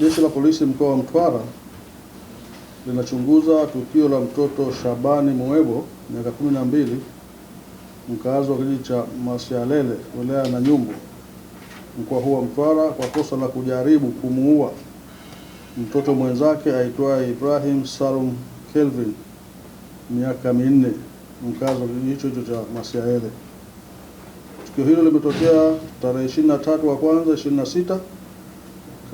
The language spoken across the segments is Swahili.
Jeshi la Polisi mkoa wa Mtwara linachunguza tukio la mtoto Shabani Muebo miaka kumi na mbili mkaazi wa kijiji cha Masialele wilaya ya Nanyumbu mkoa huu wa Mtwara kwa kosa la kujaribu kumuua mtoto mwenzake aitwaye Ibrahim Salum Kelvin miaka minne mkaazi wa kijiji hicho hicho cha Masialele. Tukio hilo limetokea tarehe 23 wa kwanza 26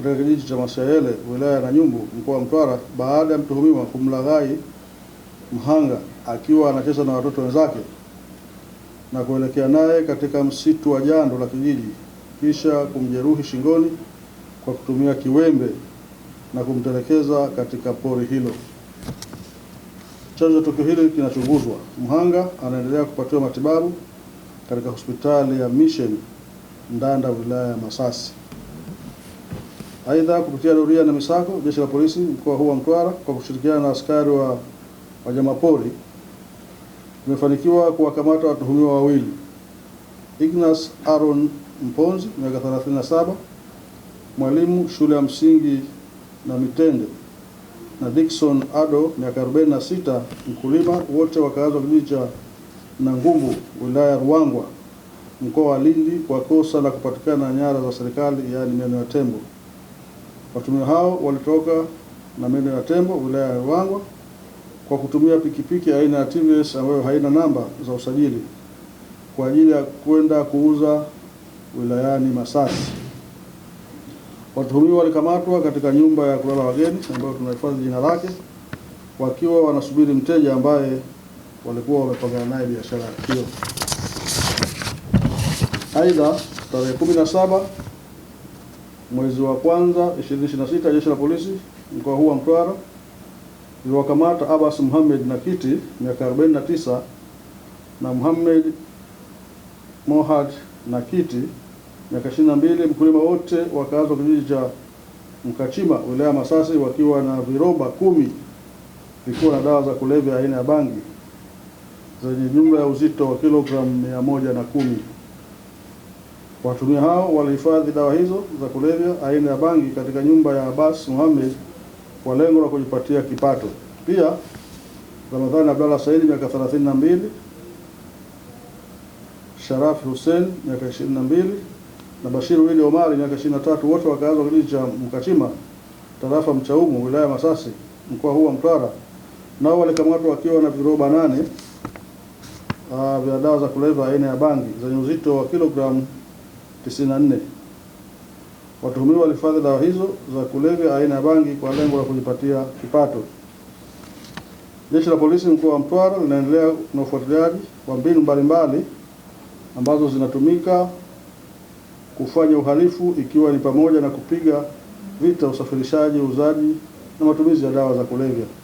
katika kijiji cha Mashayele wilaya ya Nanyumbu mkoa wa Mtwara baada ya mtuhumiwa kumlaghai mhanga akiwa anacheza na watoto wenzake na kuelekea naye katika msitu wa jando la kijiji kisha kumjeruhi shingoni kwa kutumia kiwembe na kumtelekeza katika pori hilo. Chanzo cha tukio hili kinachunguzwa. Mhanga anaendelea kupatiwa matibabu katika hospitali ya Mission Ndanda wilaya ya Masasi. Aidha, kupitia doria na misako, jeshi la polisi mkoa huu wa Mtwara kwa kushirikiana na askari wa wanyamapori tumefanikiwa kuwakamata watuhumiwa wawili, Ignas Aaron Mponzi miaka 37, mwalimu shule ya msingi na Mitende, na Dickson Ado miaka 46, mkulima, wote wakazi wa kijiji cha Nangumu wilaya ya Ruangwa mkoa wa Lindi kwa kosa la kupatikana na nyara za serikali, yaani meno ya tembo. Watuhumiwa hao walitoka na meno ya tembo wilaya ya Ruangwa kwa kutumia pikipiki aina ya TVS ambayo haina namba za usajili kwa ajili ya kwenda kuuza wilayani Masasi. Watuhumiwa walikamatwa katika nyumba ya kulala wageni ambayo tunahifadhi jina lake, wakiwa wanasubiri mteja ambaye walikuwa wamepangana naye biashara hiyo. Aidha, tarehe 17 mwezi wa kwanza 2026 jeshi la polisi mkoa huu wa Mtwara iliwakamata Abbas Muhammad Nakiti miaka 49 na Muhammad Mohad Nakiti miaka 22, mkulima wote wakazi wa kijiji cha Mkachima wilaya Masasi, wakiwa na viroba kumi vikiwa na dawa za kulevya aina ya bangi zenye jumla ya uzito wa kilogramu 110. Watumia hao walihifadhi dawa hizo za kulevya aina ya bangi katika nyumba ya Abbas Muhammad kwa lengo la kujipatia kipato. Pia Ramadhani Abdallah Saidi miaka 32, Sharaf Hussein miaka 22 na Bashir Wili Omari miaka 23, wote wakaazi wa kijiji cha Mkachima, tarafa Mchaumu, wilaya Masasi, mkoa huu wa Mtwara, nao walikamatwa wakiwa na viroba nane ah, vya dawa za kulevya aina ya bangi zenye uzito wa kilogramu 94. Watuhumiwa walifadhi dawa hizo za kulevya aina ya bangi kwa lengo la kujipatia kipato. Jeshi la Polisi mkoa wa Mtwara linaendelea na ufuatiliaji wa mbinu mbalimbali ambazo zinatumika kufanya uhalifu ikiwa ni pamoja na kupiga vita usafirishaji, uuzaji na matumizi ya dawa za kulevya.